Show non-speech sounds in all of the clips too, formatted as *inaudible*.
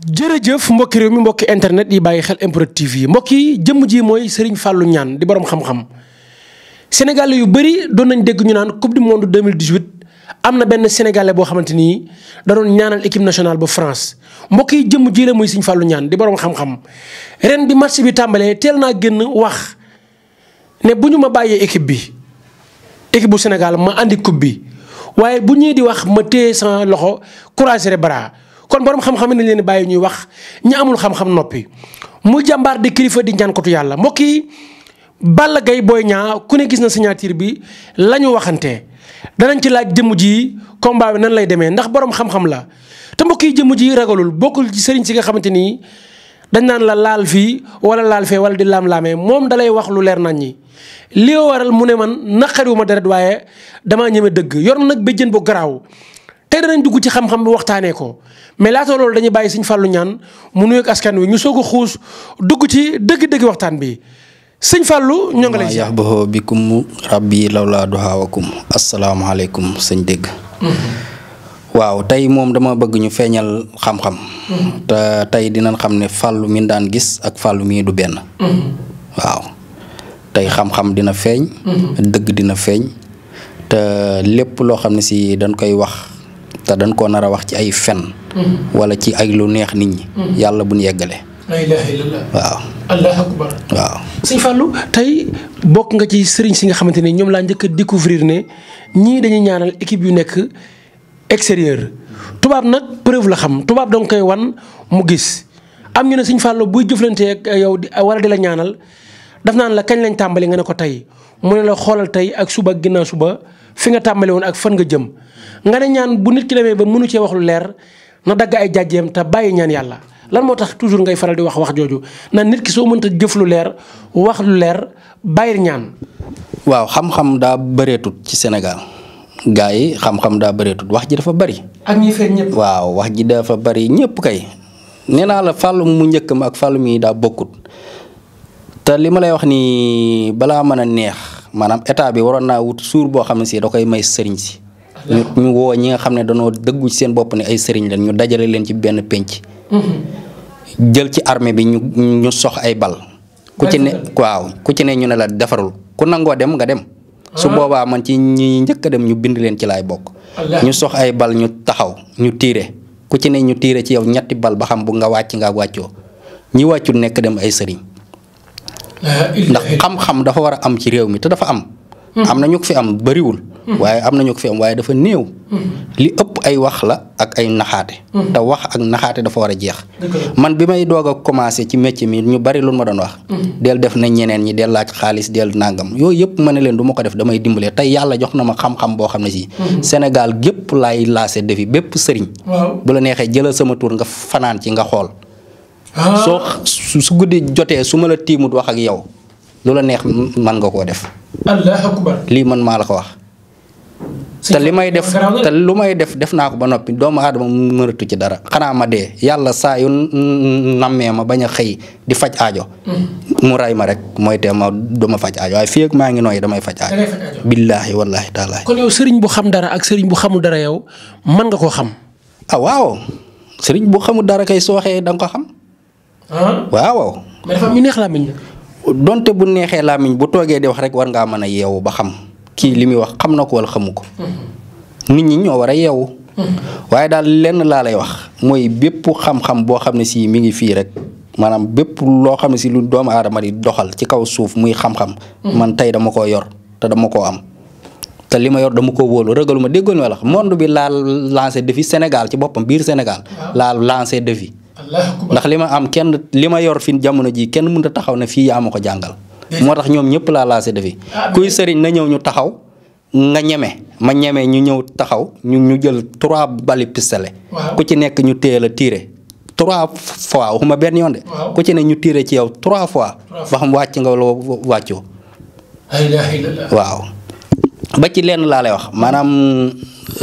jërëjëf mbokki réew mi mbokki internet yi bàyyi xel MPROD yi mbokk yi jëmm ji mooy Serigne fàllu ñaan di borom xam-xam sénégalais yu bëri doon nañ dégg ñu naan coupe du monde 2018 am na benn sénégalais boo xamante ni da doon ñaanal équipe nationale ba France mbokk yi jëmm jii la muy Serigne Fallou ñaan di borom xam-xam ren bi marché bi tàmbalee teel naa génn wax ne bu ñu ma bàyyee équipe bi équipe bu Sénégal ma indi coupe bi waaye bu ñuy di wax ma téye sa loxo croiser les kon borom xam-xam nañ leen bàyyi ñuy wax ñi amul xam-xam noppi mu jàmbaar di kilifa di ñaankatu yàlla mbokk yi Balla Gaye Boy ñaa ku ne gis na signature bi la ñu waxante danañ ci laaj jëmm ji combat bi nan lay demee ndax borom xam-xam la te mbokk yi jëmm ji ragalul bokkul ci sëriñ si nga xamante ni dañ naan la laal fii wala laal fee wala di laam-laamee moom dalay wax lu leer nañ ñi li waral mu ne man naqariwuma deret waaye damaa ñeme dëgg yor nag béjjën bu garaaw tey danañ dugg ci xam-xam bi waxtaanee ko mais laata loolu dañuy bàyyi sëñ Fallou ñaan mu nuyoog askan wi ñu soog a dugg ci dëgg-dëgg waxtaan bi sëñ Fallou ñoo ngi lay. yax baxoo bikum rabbi lawlaa duhaawakum asalaamaaleykum sëñ mm-hmm. tey moom dama bëgg ñu feeñal xam-xam. Mm-hmm. te tey dina xam ne Fallou mi daan gis ak Fallou mii du benn. Mm-hmm. waaw tey xam-xam dina feeñ. dëgg dina feeñ. te lépp loo xam ne si dañ koy wax. te dañ koo nar wax ci ay fen mm-hmm. wala ci ay lu neex nit ñi mm-hmm. yàlla buñ yeggale la ilaha illallah waaw allahu akbar tey bokk nga ci sëriñ si nga xamante ne ñoom laa njëkk a découvrir ne ñii dañuy ñaanal équipe yu nekk extérieur tubaab nag preuve la xam tubaab danga koy wan mu gis am ñu ne sëñ Fallou buy jëflanteeg yow wala di la ñaanal daf naan la kañ lañ tàmbali nga ne ko tey mu ne la xoolal tey ak suba ginnaaw suba fi nga tàmbale ak fan nga jëm nga ne ñaan bu nit ki demee ba mënu cee wax lu leer na dagg ay jàjjeem te bàyyi ñaan yàlla lan moo tax toujours ngay faral di wax wax jooju na nit ki soo mën mënta jëf lu leer wax lu leer bàyyi ñaan. waaw xam-xam daa bëreetut ci senegal gaa yi xam-xam daa bëreetut wax ji dafa bari. ak ñi feeñ wax ji dafa bari ñëpp kay nee naa la fàllu mu njëkk ma ak fàllu mi daa bokkut te li ma lay wax nii balaa mën a neex. maanaam état bi waroon naa wut suur boo xam ne si da koy may sëriñ si ñu ñu woo ñi nga xam ne danoo dëggu ci seen bopp ne ay sëriñ lañ ñu dajale leen ci benn pénc jël ci armée bi ñu ñu sox ay bal ku ci ne waaw ku ñu ne la defarul ku nangoo dem nga dem su ah. boobaa man ci ñi njëkk dem ñu bind leen ci laay bokk ñu sox ay bal ñu taxaw ñu tiire ku ci ne ñu tiire ci yow ñetti bal ba xam bugg nga wàcc nga wàccoo ñi wàccul nekk dem ay sëriñ ndax xam-xam dafa war a am ci réew mi te dafa am. Hmm. am na ñu fi am bëriwul. Hmm. waaye am na ñu ko fi am waaye dafa néew. Hmm. li ëpp ay wax la ak ay naxaate. te wax ak naxaate dafa war a jeex. man bi may doog a commencé ci métier mi ñu bari lu ma doon wax. del def na ñeneen ñi del laaj xaalis del nangam yooyu yëpp ma ne leen du ma ko def damay dimbalee tey yàlla jox na ma xam-xam boo xam ne si. Sénégal gépp laay laase defi bépp sëriñ. bu la neexee jëlal sama tur nga fanaan ci nga xool. Ah. soo su su guddi jotee su ma la tiimut wax ak yow lu la neex man nga koo def. allahu akbar lii man maa la ko wax. te li may def te lu may def def naa ko ba noppi doomu adama mu mënatu ci dara xanaa ma dee yàlla saa yu nammee ma bañ a xëy di faj aajo. Hmm. mu ray ma rek mooy te ma faj aajo waaye fii ak maa ngi nooy damay faj aajo. billaahi wallaahi taala. kon yow sëriñ bu xam dara ak sëriñ bu xamul dara yow mën nga koo xam. ah waaw sëriñ bu xamul dara kay sooxee da nga ko waaw waaw. mais neex làmmiñ donte bu neexee làmmiñ bu toogee di wax rek war ngaa mën a yeewu ba xam kii li muy wax xam na ko wala xamu ko. nit ñi ñoo war a yeewu. waaye daal lenn laa lay wax mooy bépp xam-xam boo xam ne si mi ngi fii rek maanaam bépp loo xam ne si lu doomu aadama di doxal ci kaw suuf muy xam-xam. man tey dama koo yor te dama koo am. te li ma yor dama ko wóolu rëgalu ma déggoon wala monde bi laal lancé défi Sénégal ci boppam biir Sénégal. laa lancé défi. ndax li ma am kenn li ma yor fi jamono ji kenn mun a taxaw na fii yaa ko jàngal moo tax ñoom ñëpp laa laase defi kuy sëriñ na ñëw ñu taxaw nga ñeme ma ñeme ñu ñëw taxaw ñu ñu jël trois bali pistolet ku ci nekk ñu téye la tiire trois fois waxuma benn yoon de ku ci ne ñu tiire ci yow trois fois ba xam wàcc nga wala wàccoo waaw ba ci lenn laa lay wax maanaam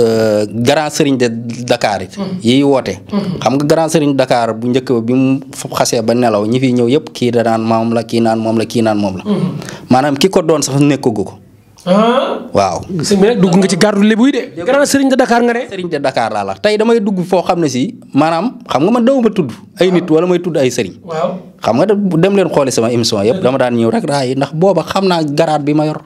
euh, grand sëriñ de Dakar it. Hmm. yiy woote. Hmm. xam nga grand sëriñ Dakar bu njëkk bi mu xasee ba nelaw ñi fi ñëw yëpp kii da naan moom kii naan moom la kii naan moom la. Hmm. maanaam ki ko doon sax nekkagu ko. Ah? waaw. sëñ bi nag dugg nga ci gardu lébu yi de. sëriñ de dakaar nga ne. sëriñ de Dakar laa la tey damay dugg foo xam ne si maanaam xam nga man dawuma tudd. ay nit ah. wala may tudd ay sëriñ. waaw xam nga dem leen xooli sama émission yëpp dama daan ñëw rek raay ndax booba xam naa gara bi ma yor.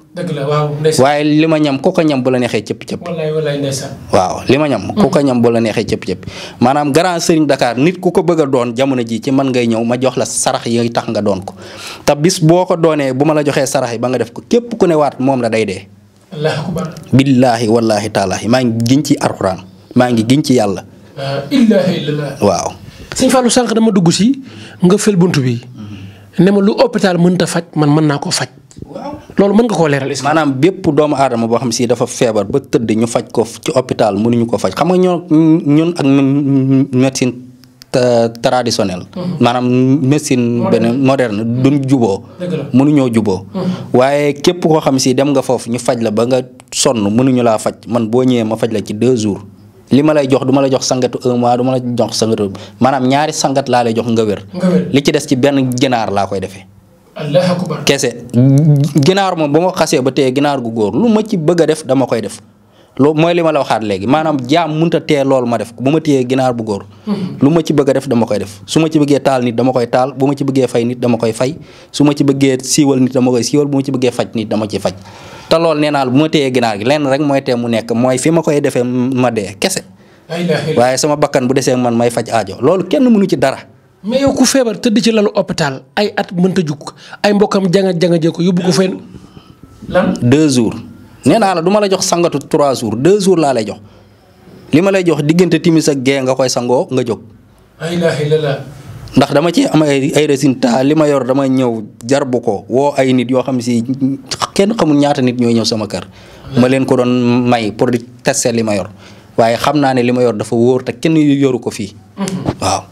waaye li ma ñam ku ko ñam bu la neexee cëpp cëpp. wallaay wallaay ndeysaan. waaw li ma ñam. ku ko ñam bu la neexee cëpp cëpp. maanaam grand sëriñ dakaar nit ku ko bëgg doon jamono ji ci man ngay ñëw ma jox la sarax yi tax nga doon ko te bis boo ko doonee bu ma la joxee sarax yi ba nga def ko képp ku ne waat moom la day ngay dee. billaahi wallaahi taalaahi maa ngi giñ ci alxuraan maa ngi giñ ci yàlla. waaw. sëñ Fallou sànq dama dugg si nga fël bunt bi ne ma lu hôpital mën ta faj man mën naa koo faj. loolu mën nga koo leeral est maanaam bépp doomu aadama boo xam si dafa feebar ba tëdd ñu faj ko ci hôpital mënuñu ko faj xam nga ñun ak médecine traditionnel mhm. maanaam médecine beneen moderne duñ juboo mënuñoo juboo mhm. waaye képp koo xam si dem nga foofu ñu faj la ba nga sonn mënuñu laa faj man boo ñëwee ma faj la ci deux jours li ma lay jox du la jox sangatu un mois jox sangatu maanaam ñaari sangat laa lay jox nga wér li ci des ci benn ginaar laa koy defee kese ginaar moom ba ma xasee ba te ginaar gu góor lu ma ci bëgg a def dama koy def loo mooy li ma la waxaat léegi maanaam jaam mënut a téye loolu ma def bu ma téyee ginaar bu góor. lu ma ci bëgg def dama koy def su ma ci bëggee taal nit dama koy taal bu ma ci bëggee fay dama koy fay su ma ci bëggee siiwal nit dama koy siiwal bu ma ci bëggee faj nit dama ci faj. te lool nee naa bu ma téyee ginaar gi lenn rek mooy tee mu nekk mooy fi ma koy defee ma dee kese. waaye sama bakkan bu desee man may faj aajo loolu kenn mënu ci dara. mais yow ku feebar tëdd ci lalu hôpital ay at mënta jug ay mbokkam janga janga jee ko yóbbu ko fenn. lan deux nee naa la du la jox sangatu 3 jours 2 jours laa lay jox li ma lay jox diggante timis ak gee nga koy sangoo nga jóg. ndax dama ci am ay ay résultats li ma yor dama ñëw jar bu ko woo ay nit yoo xam si kenn xamul ñaata nit ñooy ñëw sama kër. ma leen ko doon may pour di tester li ma yor waaye xam naa ne li ma yor dafa wóor te kenn yoru ko fii. Mhm. waaw.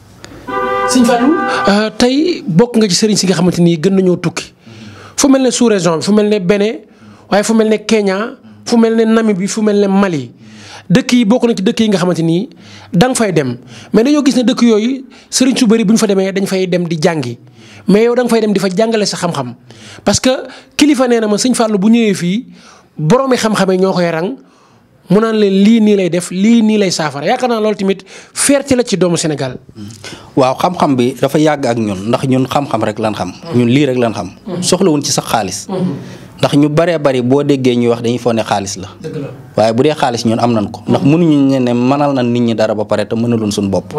sëñ Fallou euh, tey bokk nga ci sëriñ si nga xamante ni gën nañoo tukki mhm. fu mel ne sous région bi fu mel ne Bénin waaye fu mel ne Kenya fu mel ne bi fu mel ne Mali dëkk yi bokk na ci dëkk yi nga xamante ni da fay dem mais dañoo gis ne dëkk yooyu sëriñ su bëri bu ñu fa demee dañ fay dem di jàngi mais yow da fay dem di jàngale sa xam parce que kilifa nee na ma sëñ Fallou bu ñëwee fii boroomi xam-xamee ñoo koy rang mu naan leen lii nii lay def lii nii lay saafara yaakaar naa loolu tamit ci la ci doomu Sénégal. waaw xam-xam bi dafa yàgg ak ñun ndax ñun xam-xam rek lan xam. ñun lii rek lan xam. Mm-hmm. soxlawuñ ci sax xaalis. Mm-hmm. ndax ñu baree bari boo déggee ñuy wax dañuy foog ne xaalis la waaye bu dee xaalis ñun am nañ ko ndax mënuñu ne manal nañ nit ñi dara ba pare te mënaluñ suñu bopp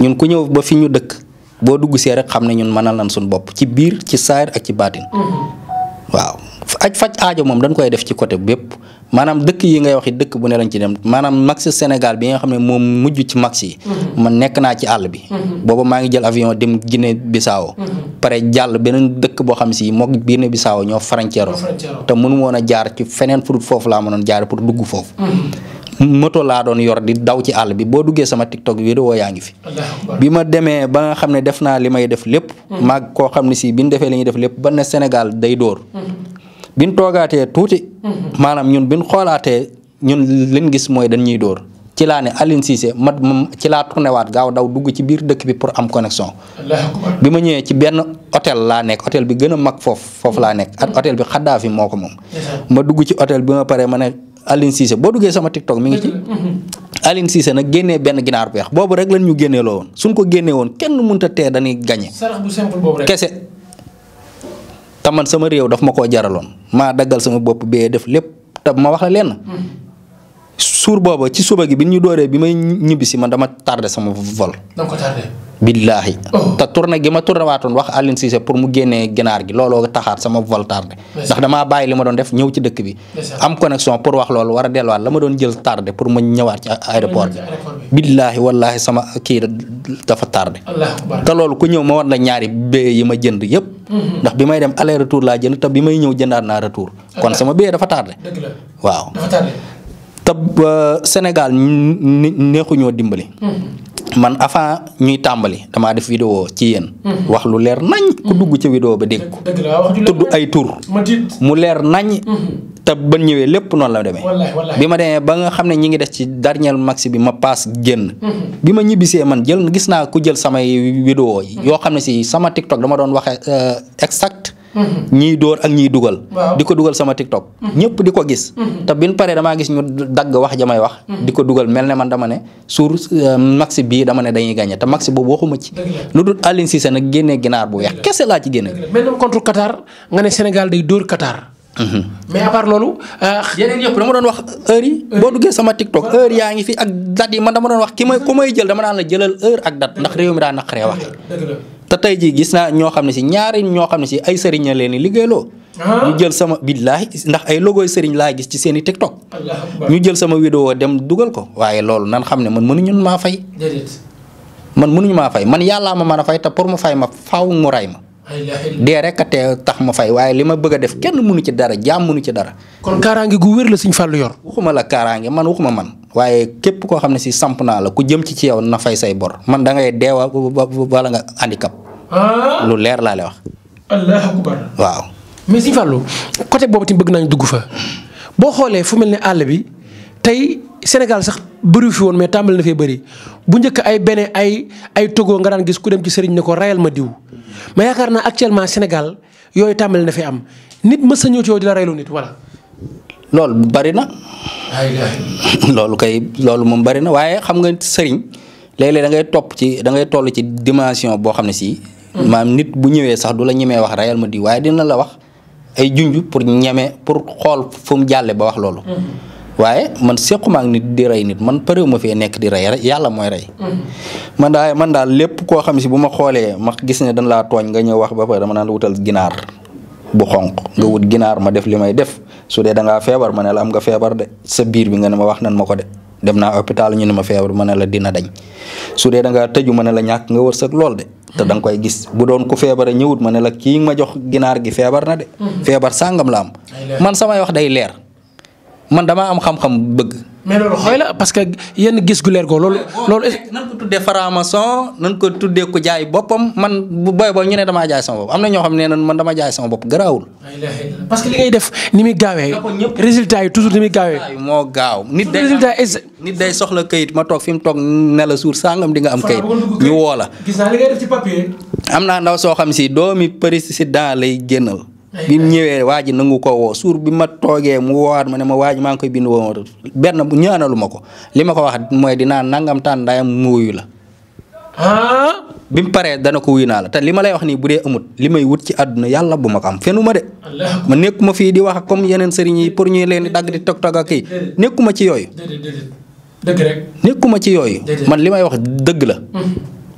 ñun ku ñëw ba fi ñu dëkk boo dugg see rek xam ne ñun mënal nañ suñu bopp ci biir ci saayir ak ci baatin mm-hmm. waaw aj faj aajo moom dañ koy def ci côté bépp maanaam dëkk yi ngay wax dëkk bu ne lañ ci dem maanaam max senegal bi nga xam ne moom mujj ci max yi. Mm-hmm. man nekk naa ci àll bi. Mm-hmm. booba maa ngi jël avion dem Guinée Bissau. Mm-hmm. pare jàll beneen dëkk boo xam si moog Guinée Bissau ñoo frontière te mënu woon a jaar ci feneen pour foofu laa mënoon jaar pour dugg foofu. moto laa doon yor di daw ci àll bi boo duggee sama TikTok vidéo yaa ngi fi bi ma demee ba nga xam ne def naa li may def lépp maag koo xam ne si bi ñu defee li ñuy def lépp ba ne Sénégal day dóor biñ toogaatee tuuti. Mhm. maanaam ñun biñ xoolaatee ñun liñ gis mooy dañ ñuy dóor. ci laa ne Aline Cissé ma ci laa ne waat gaaw daw dugg ci biir dëkk bi pour am connexion. bi ma ñëwee ci benn hôtel laa nekk hôtel bi gën a mag foofu foofu laa nekk. ak mhm. hôtel bi Xaddaafi moo ko moom. ma dugg ci hôtel bi ma paree ma ne Aline Cissé boo duggee sama TikTok mi ngi ci. Mhm. Aline Cissé nag génnee benn ginaar bu weex boobu rek lan ñu génnee loo woon suñ ko génnee woon kenn mun ta tee dañuy gagné. te man sama réew daf ma koo jaraloon maa daggal sama bopp bee def lépp te ma wax la lenn. Hmm. suur booba ci suba gi bi ñu dooree bi may ñibbisi man dama tardé sama vol. dama ko tardé. billaahi. Oh. te tourné gi ma tourné waatoon wax Alioune Cissé pour mu génnee ginaar gi looloo taxaat sama vol tardé. ndax dama bàyyi li ma doon def ñëw ci dëkk bi. am connexion pour wax lool war a delluwaat la ma doon jël tardé pour ma ñëwaat ci aéroport bi. billaahi wallaahi sama kii dafa tardé. te loolu ku ñëw ma war na ñaari bee yi ma jënd yëpp. Mm-hmm. ndax bi may dem aller retour laa jënd te bi may ñëw jëndaat naa retour. kon sama bee dafa tardé. te euh, Sénégal neexuñoo dimbali. Mm-hmm. man avant ñuy tàmbali damaa def vidéo ci yéen. Mm-hmm. wax lu leer nañ. ku mm-hmm. dugg ci vidéo ba dégg ko. tudd ay mu leer nañ. te ba ñëwee lépp noonu la demee. bi ma demee ba nga xam ne ñi ngi des ci dernier maxi bi ma paas génn. bi ma ñibbisee man jël gis naa ku jël samay vidéo yi. yoo xam ne si sama TikTok dama doon waxee euh, exact ñiy door ak ñiy dugal. di ko dugal sama TikTok. ñëpp di ko gis. Mm-hmm. te bin pare damaa gis ñu dagg wax jamay wax. Mm-hmm. di ko dugal mel ne man dama ne suur euh, max bii dama ne dañuy gagné te max boobu waxuma ci. lu dul Aliou Cissé nag génnee ginaar bu weex kese laa ci génne. mel contre Qatar nga Sénégal day door Qatar. Mm-hmm. mais à part loolu. Euh, yeneen yëpp dama doon wax heure yi. boo sama TikTok heure ngi fi ak date yi man dama doon wax ki may ku may jël dama daan la jëlal heure ak date ndax réew mi daa naqaree waxee. te tey jii gis naa ñoo xam ne si ñaari ñoo xam ne si ay sëriñ la leen di liggéeyloo. Ah. ñu jël sama billaahi ndax ay logoy sëriñ laa gis ci seen i TikTok. ñu jël sama vidéo dem dugal ko waaye loolu nan xam ne man mënuñu maa fay. man mënuñu maa fay man yàllaa ma mën a fay te pour mu fay ma faw mu ray ma. dee rek a tee tax ma fay waaye li ma bëgg a def kenn mënu ci dara jaam mënu ci dara. kon kaaraange gu wér la suñ fàllu yor. waxuma la kaaraange man waxuma man. waaye képp koo xam ne si samp naa la ku jëm ci ci yow na fay say bor man da ngay deewa bala nga handicap. Ah. lu leer laa lay wax. waaw. mais si Fallou côté boobu tamit bëgg naa ñu dugg fa boo xoolee fu mel ni àll bi tey Sénégal sax bëriwu fi woon mais tàmbali na fee bari bu njëkk ay beneen ay ay Togo nga daan gis ku dem ci sëriñ ne ko rayal ma diw ma yaakaar naa actuellement Sénégal yooyu tàmbali na am nit ma a ñëw ci di la raylu nit voilà. loolu bari na. *laughs* loolu kay loolu moom bari na waaye xam nga sëriñ léeg-léeg da ngay topp ci da ngay toll ci dimension boo xam ne si. Hmm. maam nit bu ñëwee sax du la ñemee wax reyal ma di waaye dina la wax ay junj pour ñeme pour xool fu mu jàlle ba wax loolu. Hmm. waaye man sequma ak nit di rey nit man parewu ma fee nekk di rey rek yàlla mooy rey. Hmm. man daal man daal lépp koo xam si bu ma xoolee ma gis ne dañ laa tooñ nga ñëw wax ba pare dama naan wutal ginaar bu xonq nga wut ginaar ma def li may def. su dee da ngaa feebar ma ne am nga feebar de sa biir bi nga ne ma wax nan ma ko de dem naa hôpital ñu ne ma feebar ma ne la dina dañ su dee da ngaa tëju ma ne la ñàkk nga wërsëg lool de. te da koy gis bu doon ku feebare ñëwut ma ne la kii ma jox ginaar gi feebar na de. Mhm. feebar sàngam la am. man samay wax day leer man damaa am xam-xam bëgg. mais loolu xooy la parce que yenn gis gu leer ko loolu. loolu nan ko tuddee faramason nan ko tuddee ko jaay boppam man bu booy booy ñu ne damaa jaay sama bopp am na ñoo xam ne nan man dama jaay sama bopp garaawul. parce que li ngay def ni muy gaawee. résultat yi toujours ni muy gaawee. moo gaaw nit day nit day soxla kayit ma toog fi mu toog ne la suur sangam di nga am kayit. ñu woo la. am naa ndaw soo xam si doomi président lay génnal. bi mu ñëwee waa ji nangu koo woo suur bi ma toogee mu woowaat ma ne ma waa ji maa ngi koy bind woo benn ñaanalu ma ko li ma ko wax mooy dinaa nangam taan ndaayam la. Ah? bi mu paree dana ko wuyu naa la te li ma lay wax nii bu dee amut li may wut ci àdduna yàlla bu ma ko am fenu ma de. ma nekkuma fii di wax comme yeneen sëriñ yi pour ñuy leen di dagg di tog tog kii nekkuma ci yooyu. nekkuma ci yooyu. man li may wax dëgg la. Hmm.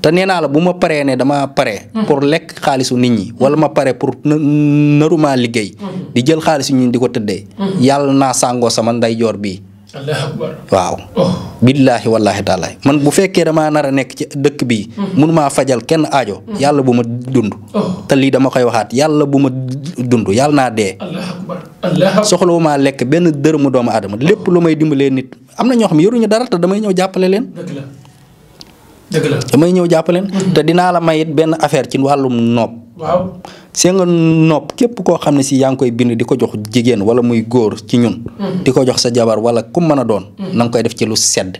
te nee naa la bu ma paree ne dama pare. pour lekk xaalisu nit ñi wala ma pare pour naruma liggéey. di jël xaalisu ñun di ko tëddee. yàlla sàngoo sama ndeyjoor bii. waaw. Oh. billaahi wallaahi taala bu fekkee damaa nar nekk ci dëkk bii. mënumaa fajal kenn aajo. yàlla bu ma dund. Oh. te lii dama koy waxaat yàlla bu ma dund yàlla naa dee. soxlawumaa lekk benn dërëmu doomu aadama lépp lu may dimbalee nit am na ñoo xam ne dara te damay ñëw jàppale leen. damay ñëw jàppaleen mhm. te dinaa la may it benn affaire ci wàllum nopp waaw seen nopp képp koo xam ne si yaa ngi koy bind di ko jox jigéen wala muy góor ci ñun mhm. di ko jox sa jabar wala ku mën doon mhm. na nga koy def ci lu sedd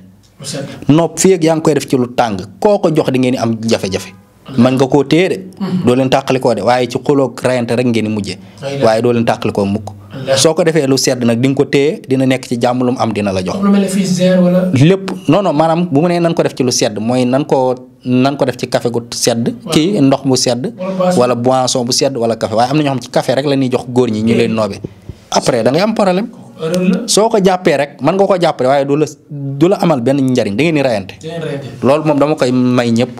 nopp fii ak yaa ngi koy def ci lu tàng koo ko jox di ngeen am jafe-jafe man nga koo téye de doo leen tàqalikoo de waaye ci xuloo rayante rek ngeen mujje waaye doo leen tàqalikoo mukk soo ko defee lu sedd nag di nga ko téye dina nekk ci jàmm lu am dina la jox. lépp non maanaam bu mu nee nan ko def ci lu sedd mooy nan ko nan ko def ci café gu sedd. kii ndox mu sedd. wala boisson bu sedd wala café waaye am na ñoo xam la ñuy jox góor ñi ñu da ngay am problème. soo ko jàppee rek mën nga ko jàppale waaye du la du la amal benn njariñ da ngeen di rayante loolu moom dama koy may ñëpp.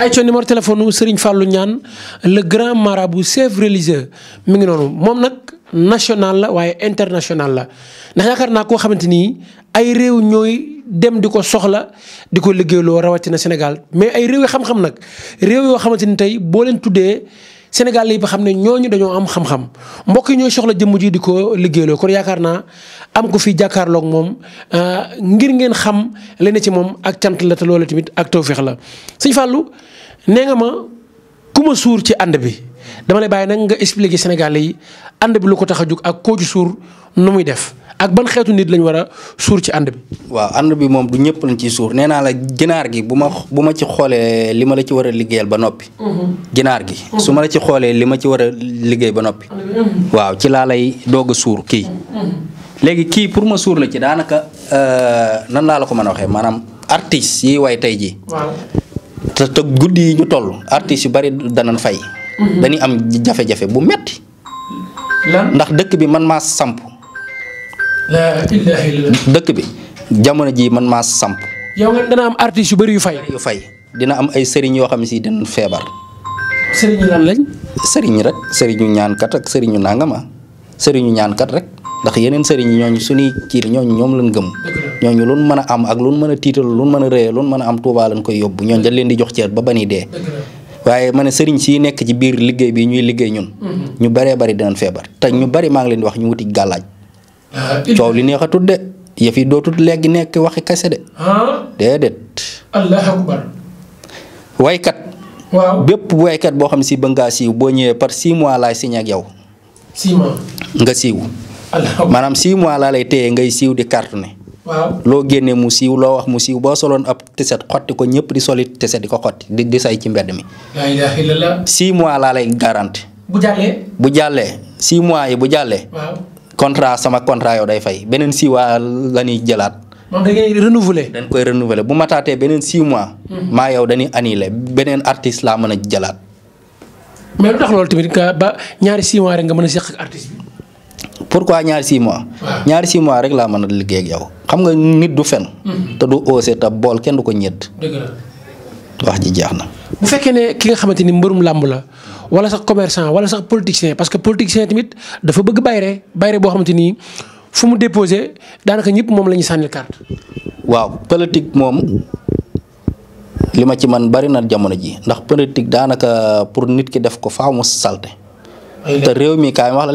ay co numéro téléphone Serigne Fallou Niane le grand marabout chef religieux mi ngi noonu moom nag. national la waaye international la ndax yaakaar naa koo xamante ni ay réew ñooy dem di ko soxla di ko liggéeyloo rawatina Sénégal mais ay réew yi xam-xam nag réew yoo xamante ni tey boo leen tuddee Sénégal yi ba xam ne ñooñu dañoo am xam-xam mbokk yi ñooy soxla jëmm ji di ko liggéeyloo kon yaakaar naa am ko fi jàkkaarloog moom euh, ngir ngeen xam leneen ci moom ak cant la te loolu tamit ak tawféex la sëñ Fallou nee nga ma ku suur ci ànd bi. dama lay bàyyi nag nga expliquer Sénégalais yi ànd bi lu ko tax a jug ak koo ci suur nu muy def ak ban xeetu nit lañ war a suur ci ànd bi. waaw ànd bi moom du ñëpp lañ ciy suur nee naa la ginaar gi bu ma bu ma ci xoolee li ma la ci war a liggéeyal ba noppi. Mhm. ginaar gi. Mhm. su ma la ci xoolee li ma ci war a liggéey ba noppi. Mhm. waaw ci laa lay doog suur kii. léegi kii pour ma suur la ci daanaka euh, nan laa la ko mën a waxee maanaam artistes yi way tey jii. waaw te te guddi yi ñu toll artistes yu bari danañ fay. Mm-hmm. dañuy am jafe-jafe bu metti ndax dëkk bi man maa samp dëkk bi jamono ji man maa samp yow nga dana am artiste yu bari yu fay yu fay dina am ay sëriñ yoo xam ne si dañ feebar sëriñ lan lañ sëriñ rek sëriñu ñaankat ak sëriñu nangama ah. sëriñu ñaankat rek ndax yeneen sëriñ yi ñooñu suñuy ciir ñooñu ñoom lañ gëm ñooñu lu mën a am ak lu mën a tiital lu mën a rëyee lu mën a am Tuubaa lañ koy yóbbu ñooñu dañ leen di jox ceer ba bani dee waaye ma ne sëriñ si nekk ci biir liggéey bi ñuy liggéey ñun. Mm-hmm. ñu baree bari dinañ feebar te ñu bari maa ngi leen di wax ñu wuti gàllaaj ah, coow li neexatul de yëf yi dootul léegi nekk waxi kese de. Ah. waykat. bépp waykat boo xam si ba ngaa siiw boo ñëwee par 6 mois laay si ak yow. 6 nga siiw. maanaam 6 mois laa lay téye ngay siiw di cartonné. waaw loo génnee mu siiw loo wax mu siiw boo soloon ab tiset xotti ko ñëpp di solit tiset di ko xotti di say ci mbedd mi. laa ilaaha illallaah. six mois laa lay garanti. bu jàllee. bu mois yi bu jàllee. waaw contrat sama contrat yow day fay beneen six mois la ñuy da ngay bu ma taatee beneen six mois. Hmm. maa yow dañuy annulé beneen artiste laa mën a jëlaat. mais lu tax loolu tamit nga ba ñaari six a pourquoi ñaari six mois. ñaari six mois rek laa mën a liggéey ak yow xam nga nit du fen mm-hmm. te du osé te bool kenn du ko ñett. wax ji jeex na. bu fekkee ne ki nga xamante ni mbërum làmb la wala sax commerçant wala sax politicien parce que politicien tamit dafa bëgg bayre bayre boo xamante ni fu mu déposé daanaka ñëpp moom la ñu sànnil carte. waaw politique moom. li ma ci man bari na jamono ji ndax politique daanaka pour nit ki def ko faaw mu salte te réew mi kaay wax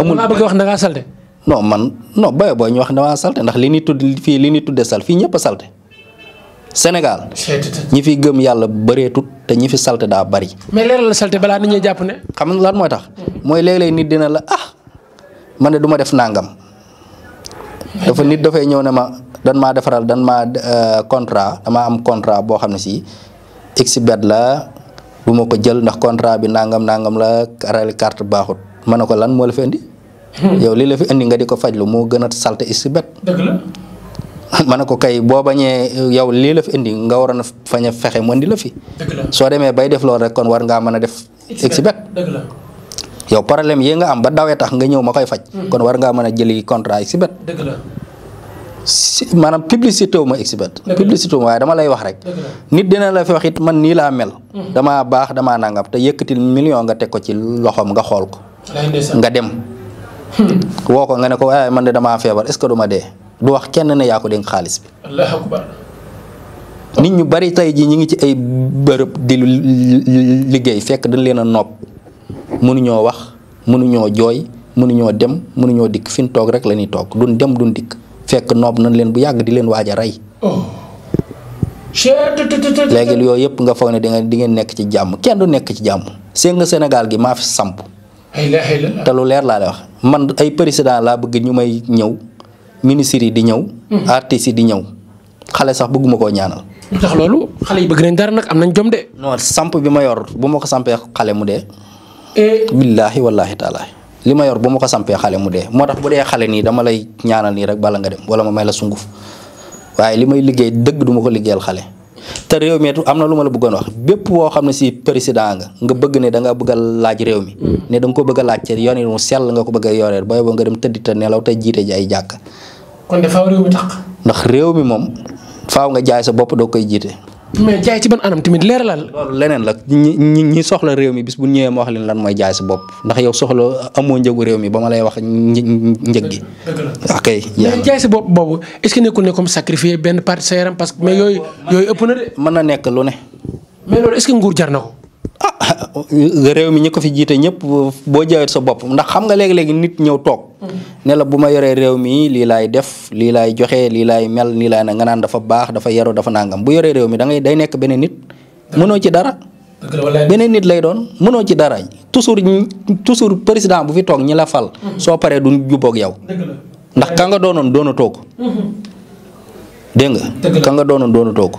amul bëgg wax da ngaa salte. non man non booy booy ñu wax damaa salte ndax li ñuy tudd fii li ñuy tuddee sal fii ñëpp a salte Sénégal. ñi fi gëm yàlla bëreetut te ñi fi salte daa bari. mais leeral la salte balaa nit ñi jàpp ne. xam nga lan mooy tax mooy léeg-léeg nit dina la ah man de du def nangam dafa nit dafay ñëw ne ma dan maa defaral dan maa euh, contrat dama am contrat boo xam ne si exibet la du ma ko jël ndax contrat bi nangam nangam la carte baaxut. ma ko lan moo la fi indi. Hmm. yow li la fi indi nga di ko fajlu moo gën a salte is si *laughs* ne ko kay boo bañee yow lii la fi indi nga waroon a fañ fexe mu indi la fi. bay def loolu rek kon war ngaa mën a def. si bet yow problème yi nga am ba dawee tax nga ñëw ma koy faj. Hmm. kon war ngaa mën a jëli contrat si si maanaam publicité wu ma ma waaye dama lay wax rek nit dina la fi wax man nii laa mel hmm. damaa baax damaa nangam te yëkkatil million nga teg ko ci loxom nga xool ko nga dem hmm. woo ko nga ne ko waaye man ne damaa feebar est duma que du dee du wax kenn ne yaa ko dénk xaalis bi allahu nit ñu bari tey jii ñu ngi ci ay bërëb di liggéey fekk dañ leen a nopp mënuñoo wax mënuñoo jooy mënuñoo dem mënuñoo dikk fi ñu toog rek la ñuy toog duñ dem dun dikk fekk nopp nañ leen bu yàgg di leen waaj a rey oh. léegi yooyu yëpp nga foog ne di ngeen di ngeen nekk ci jàmm kenn du nekk ci jàmm seen senegal Sénégal gi maa fi samp te lu leer laa lay wax man ay président laa bëgg ñu may ñëw ministres yi di ñëw. Hmm. artistes yi di ñëw xale sax bëgguma koo ñaanal. lu tax loolu xale yi bëgg nañ dara nag am nañ jom de. non samp bi ma yor bu ma ko sampee xale mu dee. Eh. billaahi wallaahi taalaa li ma yor bu ma ko sampee xale mu dee moo tax bu dee xale nii dama lay ñaanal nii rek bala nga dem wala ma may la sunguf waaye li may liggéey dëgg duma ko liggéeyal xale. te réew mi am na lu ma la bëggoon wax bépp woo xam ne si président nga nga bëgg ne da nga laaj réew mi mm. ne da ko bëgg a laaj ci yoon mu sell nga ko bëgg a yoreel booy boo nga dem tëddi te nelaw te jiite ji ay jàkk kon dafa réew mi tax ndax réew mi moom faaw nga jaay sa bopp doo koy jiite mais jaay ci ban anam tamit leeralal. loolu leneen la ñi ñi soxla réew mi bis bu ñëwee ma wax leen lan mooy jaay si bopp ndax yow soxla amoo njëgu réew mi ba ma lay wax njëg gi. ok mais jaay sa bopp boobu est ce nekkul ne comme sacrifier benn partie sa parce que mais yooyu yooyu ëpp na de. mën na nekk lu ne. mais nguur jar na ko. *coughs* réew mi ñi ko fi jiite ñëpp boo jaayut sa bopp ndax xam nga léegi-léegi nit ñëw toog mm-hmm. nelaw bu ma yoree réew mi lii laay def lii laay joxe lii laay mel nii laay na nganaan naan dafa baax dafa yaru dafa nangam bu yoree réew mi dangay day nekk beneen nit mënoo ci dara beneen nit lay doon mënoo ci dara toujours toujours président bu fi toog ñi la fal mm-hmm. soo paree du jubboog yow ndax ka nga doonoon doona toog mm-hmm. dégg nga ka nga doonoon doona toog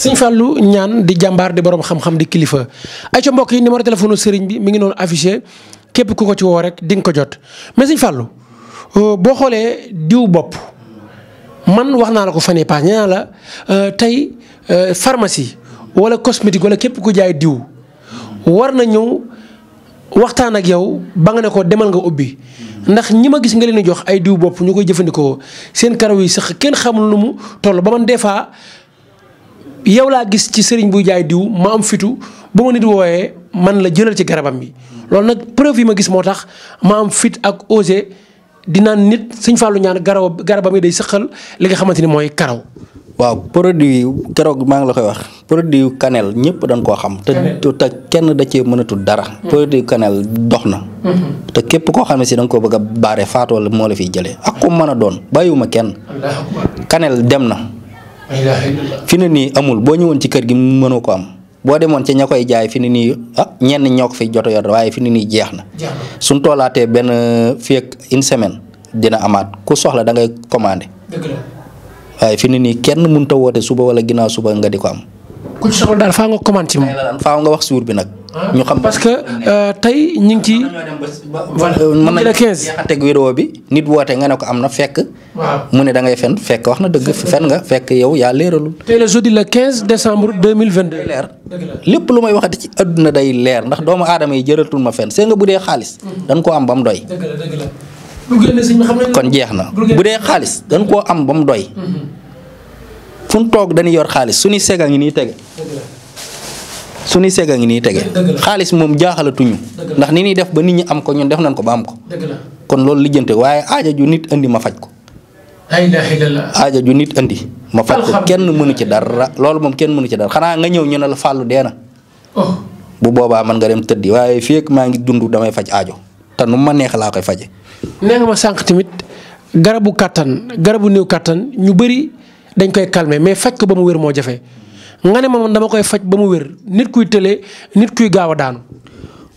sëñ Fallou ñaan di jàmbaar di borom xam-xam di kilifa ay ca mbokk yi numéro téléphone sëriñ bi mu ngi noonu affiché képp ku ko ci woo rek di nga ko jot mais sëñ Fallou euh, boo xoolee diw bopp man wax naa la ko fan yii paas nee naa la euh, tey euh, pharmacie wala cosmétique wala képp ku jaay diw war na ñëw waxtaan ak yow ba nga ne ko demal nga ubbi. ndax ñi ma gis nga leen di jox ay diw bopp ñu koy jëfandikoo seen karaw yi sëq kenn xamul lu mu toll ba man des fois yow laa gis ci sëriñ buy jaay diw ma am fitu ba ma nit wooyee man la jëlal ci garabam bi loolu nag preuve yi ma gis moo tax ma am fit ak osé di naan nit sëñ Fallou ñaan garaw garabam yi day sëqal li nga xamante ni mooy karaw. waaw produit keroog maa ngi la koy wax produit yu cannelle ñëpp dañ koo xam. te te kenn da cee mënatul dara. Hmm. produit cannelle dox na. Hmm. te képp koo xam ne si da koo bëgg a faatoo la moo la fiy jëlee ak ku mën a doon bàyyiwuma kenn. cannelle dem na. fi ne nii amul boo ñëwoon ci kër gi mënoo ko am boo demoon ci ña koy jaay fi ne nii ah ñenn ñoo ko fiy joto yor waaye fi ne nii jeex na suñ benn euh, fii ak une semaine dina amaat ku soxla da ngay commandé waaye fi ne nii kenn mënut a woote suba wala ginnaaw suba nga di ko am ku ci soxla daal faa nga commande ci bi nag ah, ñu xam parce que euh, tey ñu ngi ci mën nañ la 15 teg vidéo bi nit woote nga ne ko am na fekk mu ne dangay fen fekk wax na dëgg fen nga fekk yow yaa leeralul. tey le jeudi le 15 décembre 2022. leer lépp lu may waxati ci àdduna day leer ndax doomu aadama yi jëratul ma fen see mm-hmm. bu dee xaalis. dañ koo am ba mu doy. kon jeex na bu dee xaalis dañ koo am ba mu doy. fu mu toog dañuy yor xaalis suñuy sega ngi nii tege. suñuy sega ngi nii tege. xaalis moom jaaxalatuñu. ndax ni ñuy def ba nit ñi am ko ñun def nañ ko ba am ko. kon loolu lijjante waaye aaja ju nit indi ma faj ko. aaja ju nit andi ma faj ko kenn mënu ci dara loolu moom kenn mënu ci dara xanaa nga ñëw ñu ne la fàllu dee oh. bu boobaa man nga dem tëddi waaye fii ak maa ngi dund damay faj aajo te nu ma neex laa koy faje nee nga ma garabu kàttan garabu néew kàttan ñu bëri dañ koy calmer mais faj ko ba mu wér moo jafe nga ne ma man dama koy faj ba mu wér nit kuy tëlee nit kuy gaaw a daanu.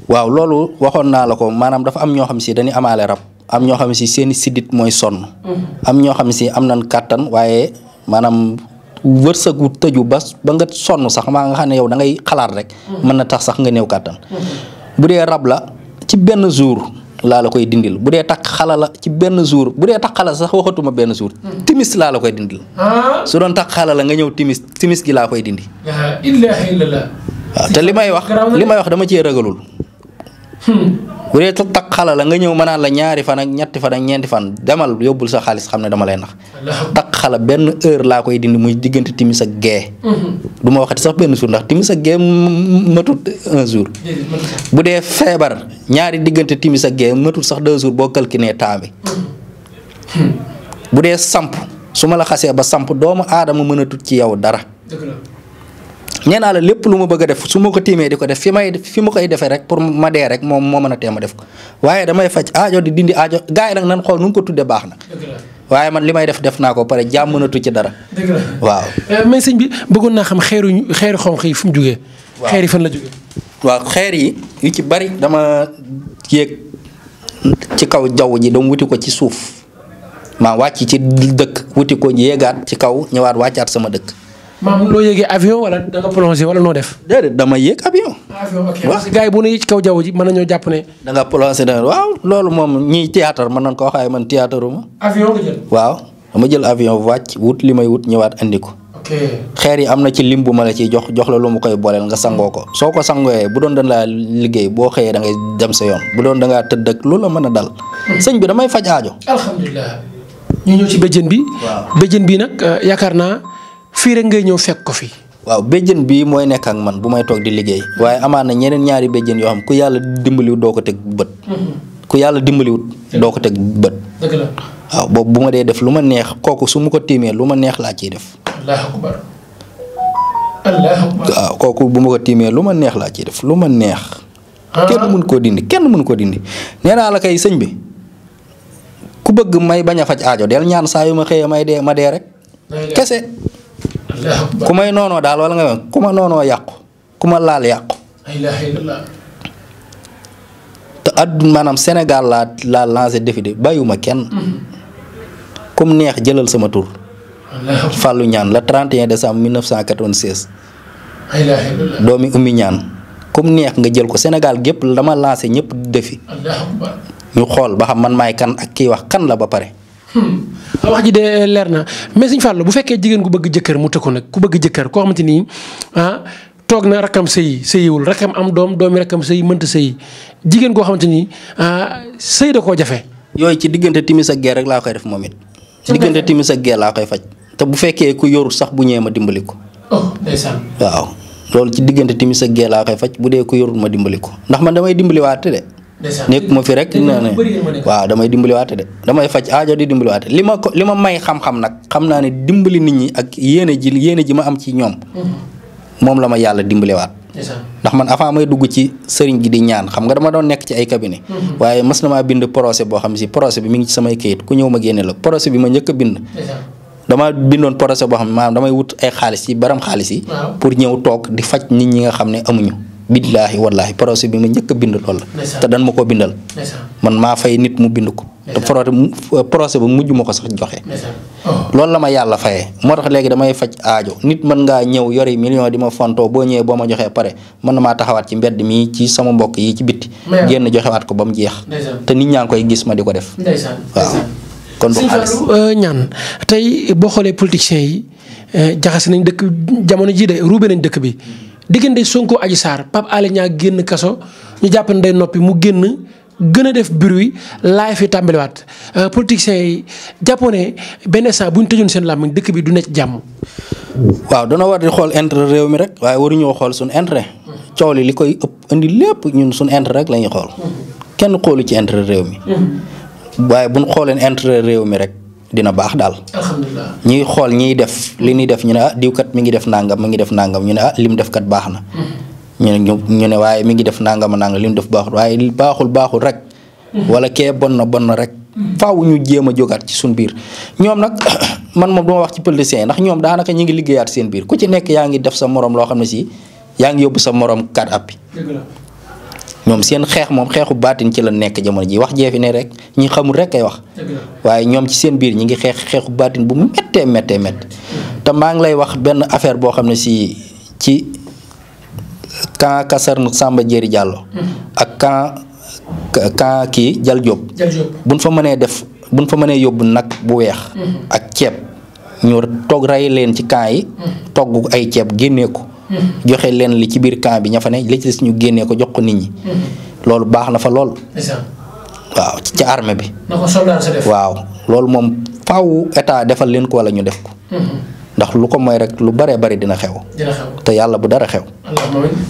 waaw loolu waxoon naa la ko maanaam dafa am ñoo xam si dañuy amaale rab. am ñoo xam ne si seeni siddit mooy sonn. Mm-hmm. am ñoo xam ne si am nañ kàttan waaye maanaam wërsëgu tëju ba ba nga sonn sax maa nga xam ne yow da ngay xalaat rek. Mm-hmm. mën na tax sax nga néew kattan mm-hmm. bu dee rab la ci benn jour laa koy dindil bu dee takk xala la ci benn jour bu dee takk xala sax waxatuma benn jour. timis laa la koy dindil. Ah? su doon takk xala la nga ñëw timis timis gi laa koy dindi. Ah, te li may wax li may wax dama cee ragalul. bu dee tax la nga ñëw ma naan la ñaari fan ñetti fan ñeenti fan demal yóbbul sa xaalis xam ne dama lay nax tax xala benn heure laa koy dindi muy diggante timis ak gee hmm. du ma waxati sax benn jour ndax timis ak gee matut jour bu dee feebar ñaari diggante timis ak gee matut sax deux jours boo calculé temps bi hmm. Hmm. bu dee samp su ma la xasee ba samp doomu aadama mënatut ci yow dara nee naa la lépp lu ma bëgg a def su ma ko tiimee di ko def fi may fi ma koy defee rek pour ma dee rek moom moo mën a teem a def ko waaye damay faj aajo di dindi aajo gaa yi nag nan xool nu ko tuddee baax na. waaye man li may def def naa ko pare jaam mënatu ci dara. dëgg la waaw. Eh, bëggoon naa xam xeeru xeeru xonq yi fu mu jugee. waaw xeer yi fan xeer yi yu ci bari dama yéeg ci kaw jaww ji dama wuti ko ci suuf maa wàcc ci dëkk wuti ko yéegaat ci kaw ñëwaat wàccaat sama dëkk. maam loo yéegee avion wala da nga plongé noo def. déedéet dama yéeg avion. avion ok parce que gars kaw jaww ji mën ñoo jàpp ne. da nga da waaw loolu moom ñiy théâtre mën nañ ko waxaay man théâtre ma. jël. waaw dama jël avion wàcc wut li may wut ñëwaat andi ko. xeer yi am na ci lim bu ma la ciy jox jox la lu mu koy booleel nga sangoo ko soo ko sangoyee bu doon da laa liggéey boo xëyee da ngay dem sa yoon bu doon da ngaa tëdd ak lu mën a dal. Hmm. sëñ bi damay faj aajo. ñu ñëw bi. waaw bi nag euh, yaakaar naa fii rek ngay ñëw fekk ko fi. waaw béjjën bii mooy nekk man bu may toog di liggéey waaye amaana ñeneen ñaari béjjën yoo xam ku yàlla dimbaliwut doo ko teg bët. Mhm. ku yàlla dimbaliwut doo ko teg bët. waaw boobu bu ma dee def lu ma neex kooku su ma ko tiimee lu ma neex laa ciy def. kooku bu ma ko lu ma neex laa ciy def lu ma neex. Ah. kenn mun koo dindi kenn mën koo dindi nee naa la kay sëñ bi ku bëgg may bañ a faj aajo del ñaan saa yu ma xëyee may dee ma dee rek. kese. ku may noonoo daal wala nga ku ma noonoo yàqu ku ma laal yàqu. te àdduna maanaam Sénégal laa laa lancé défi de bàyyiwuma kenn. comme mm-hmm. neex jëlal sama tur. Fallou ñaan la 31 décembre 1996. doomi ummi ñaan comme neex nga jël ko senegal gépp dama lancé ñëpp défi. ñu xool ba xam man may kan ak kii wax kan la ba pare. Hmm. wax ji de leer na mais Sëñ Fallou bu fekkee jigéen gu bëgg jëkkër mu tëkku nag ku bëgg jëkkër koo xamante ni ah toog na rakkam sëy sëyiwul rakkam am doom doomi rakkam sëy mënta sëy jigéen koo xamante ni ah sëy da koo jafe. yooyu ci diggante timis ak gee rek laa koy def moom it. ci diggante timis ak gee laa koy faj. te bu fekkee ku yorul sax bu ñëwee ma dimbali ko. oh ndeysaan waaw loolu ci diggante timis ak gee laa koy faj bu dee ku yorul ma dimbali ko ndax man damay dimbaliwaat de. nekkuma fi rek na ne waaw damay dimbaliwaate de damay faj aajo di dimbaliwaate li ma ko li ma may xam-xam nag xam naa ne dimbali nit ñi ak yéene ji yéene ji ma am ci ñoom mm-hmm. moom la ma yàlla dimbaliwaat ndax man avant may dugg ci sëriñ gi di ñaan xam nga dama doon nekk ci ay cabinet mm-hmm. waaye mas na maa bind procès boo xam si procès bi mu ngi ci samay kayit ku ñëw ma génne la procès bi ma njëkk a bind dama bindoon procès boo xam ne maanaam damay wut ay xaalis yi baram xaalis yi pour ñëw toog di faj nit ñi nga xam ne amuñu billaahi wallaahi procès bi ma njëkk a bind lool la te dan ma koo bindal man maa fay nit mu bind ko te procès ba mujj ma ko sax joxe oh. loolu la ma yàlla fayee moo tax léegi damay faj aajo nit mën ngaa ñëw yori million di ma fontoo boo ñëwee boo ma joxee pare mën na maa taxawaat ci mbedd mi ci sama mbokk yi ci bitti génn joxewaat ko ba mu jeex te nit ñaa ngi koy gis ma di ko def waaw kon bu xaalis euh, ñaan tey boo xoolee politiciens yi euh, jaxase nañ dëkk jamono jii de ruube diggante Sonko Adji Sarr Pape Alé ñaa génn kaso ñu jàpp ne day noppi mu génn gën a def bruit laay fi tàmbaliwaat euh, politiciens yi jàppoo ne benn saa bu ñu seen làmmiñ dëkk bi du nekk jàmm. waaw dana war di xool intérêt réew mi rek waaye waru waruñoo xool suñu intérêt coow li koy ëpp indi lépp ñun suñu intérêt rek la xool kenn xoolu ci intérêt réew mi waaye bu ñu xooleen intérêt réew mi rek. dina baax daal. alhamdulilah ñuy xool ñiy def li ñuy def ñu ne ah diwkat mi ngi def nangam mi ngi def nangam ñu ne ah lim def kat baax na. Hmm. ñu ne ñu ne waaye mi ngi def nangam nangam lim def baaxul waaye li baaxul baaxul rek. Hmm. wala kee bon na bon na rek. Hmm. faaw ñu jéem a jógaat ci suñ biir ñoom nag *clears throat* man moom duma wax ci politiciens yi ndax ñoom daanaka ñu ngi liggéeyaat seen biir ku ci nekk yaa ngi def sa morom loo xam ne si yaa ngi yóbbu sa morom kat ab ñoom seen xeex moom xeexu baatin ci la nekk jamono ji wax jeefi ne rek ñi xamul rek ay wax waaye ñoom ci seen biir ñi ngi xeex xeexu baatin bu méttee méttee métt te maa ngi lay wax benn affaire boo xam ne si ci camp caserne sàmba Diéry Diallo ak camp camp kii Jal Diop buñ fa mënee def buñ fa mënee yóbbu nag bu weex mm-hmm. ak ceeb ñu togg rey leen ci camp yi mm-hmm. togg ay ceeb génnee ko joxe leen li ci biir camp bi ña fa ne ñu génnee ko jox ko nit ñi. Mm-hmm. loolu baax na fa lool. waaw ci ca bi. na ko soldat sa def. waaw loolu moom faaw état defal leen ko wala ñu def ko. Mm-hmm. ndax lu ko mooy rek lu bëree bëri dina xew. dina xew te yàlla bu dara xew.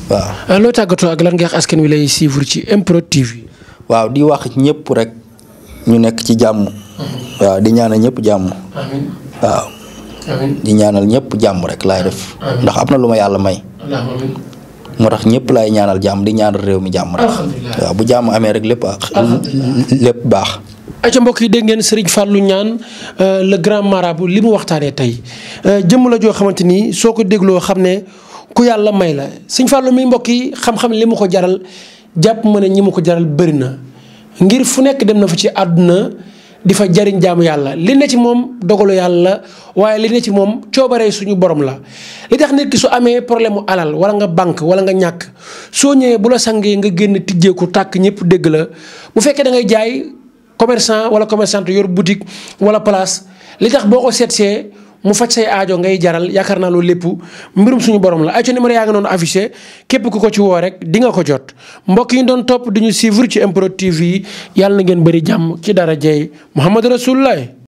waaw. a euh, tàggatoo ak lan nga wax askan wi lay suivre ci MPROD waaw di wax ñëpp rek ñu nekk ci jàmm. Mm-hmm. waaw di ñaanal ñëpp jàmm. waaw. di ñaanal ñëpp jàmm rek laay def. ndax am na lu ma yàlla may. moo tax ñëpp laay ñaanal jàmm di ñaanal réew mi jàmm rek. waaw bu jàmm amee rek lépp lépp baax. aca mbokk yi dégg ngeen Serigne Fallou ñaan euh, le grand marabout li mu waxtaanee tey euh, jëmm la joo xamante ni soo ko dégloo xam ne ku yàlla may la Serigne Fallou mi mbokk yi xam-xam li mu ko jaral jàpp ma ne ñi mu ko jaral bëri na ngir fu nekk dem na fa ci àdduna. di fa jariñ jaamu yàlla li ne ci moom dogalu yàlla waaye li ne ci moom coobaree suñu borom la li tax nit ki su amee problème mu alal wala nga banque wala nga ñàkk soo ñëwee bu la sangee nga génn tijjeeku tàkk ñëpp dégg la bu fekkee da ngay jaay commerçant wala commerçante yor boutique wala place li tax boo ko seetsee mu faj say aajo ngay jaral yaakaar naa loolu lépp mbirum suñu borom la ay ca numéro yaa ngi noonu affiché képp ku ko ci woo rek di nga ko jot mbokk yi doon topp di ñu suivre ci MPROD TV yi yàlla na ngeen bëri jàmm ci dara jeey Muhammad Rasulullah